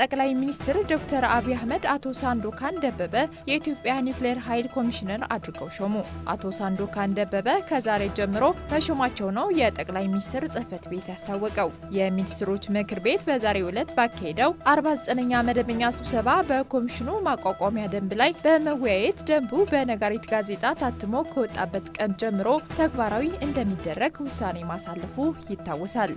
ጠቅላይ ሚኒስትር ዶክተር አብይ አህመድ አቶ ሳንዶካን ደበበ የኢትዮጵያ ኒውክሌር ኃይል ኮሚሽነር አድርገው ሾሙ። አቶ ሳንዶካን ደበበ ከዛሬ ጀምሮ መሾማቸው ነው የጠቅላይ ሚኒስትር ጽህፈት ቤት ያስታወቀው። የሚኒስትሮች ምክር ቤት በዛሬው ዕለት ባካሄደው 49ኛ መደበኛ ስብሰባ በኮሚሽኑ ማቋቋሚያ ደንብ ላይ በመወያየት ደንቡ በነጋሪት ጋዜጣ ታትሞ ከወጣበት ቀን ጀምሮ ተግባራዊ እንደሚደረግ ውሳኔ ማሳለፉ ይታወሳል።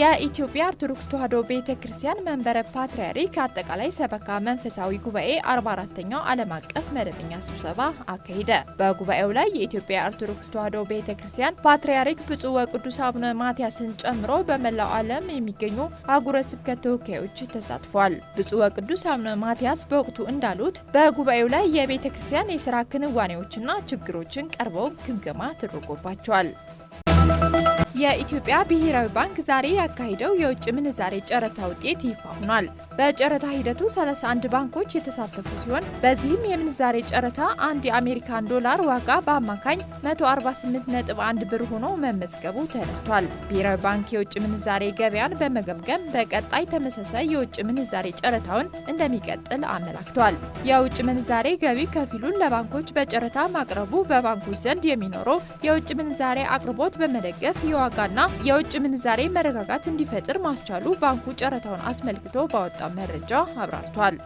የኢትዮጵያ ኦርቶዶክስ ተዋሕዶ ቤተ ክርስቲያን መንበረ ፓትርያርክ አጠቃላይ ሰበካ መንፈሳዊ ጉባኤ 44ኛው ዓለም አቀፍ መደበኛ ስብሰባ አካሄደ። በጉባኤው ላይ የኢትዮጵያ ኦርቶዶክስ ተዋሕዶ ቤተ ክርስቲያን ፓትርያርክ ብፁዕ ወቅዱስ አቡነ ማትያስን ጨምሮ በመላው ዓለም የሚገኙ አህጉረ ስብከት ተወካዮች ተሳትፏል። ብፁዕ ወቅዱስ አቡነ ማትያስ በወቅቱ እንዳሉት በጉባኤው ላይ የቤተ ክርስቲያን የስራ ክንዋኔዎችና ችግሮችን ቀርበው ግምገማ ተደርጎባቸዋል። የኢትዮጵያ ብሔራዊ ባንክ ዛሬ ያካሄደው የውጭ ምንዛሬ ጨረታ ውጤት ይፋ ሆኗል። በጨረታ ሂደቱ 31 ባንኮች የተሳተፉ ሲሆን በዚህም የምንዛሬ ጨረታ አንድ የአሜሪካን ዶላር ዋጋ በአማካኝ 148.1 ብር ሆኖ መመዝገቡ ተነስቷል። ብሔራዊ ባንክ የውጭ ምንዛሬ ገበያን በመገምገም በቀጣይ ተመሳሳይ የውጭ ምንዛሬ ጨረታውን እንደሚቀጥል አመላክቷል። የውጭ ምንዛሬ ገቢ ከፊሉን ለባንኮች በጨረታ ማቅረቡ በባንኮች ዘንድ የሚኖረው የውጭ ምንዛሬ አቅርቦት በመደገ አቀፍ የዋጋና የውጭ ምንዛሬ መረጋጋት እንዲፈጥር ማስቻሉ ባንኩ ጨረታውን አስመልክቶ ባወጣ መረጃ አብራርቷል።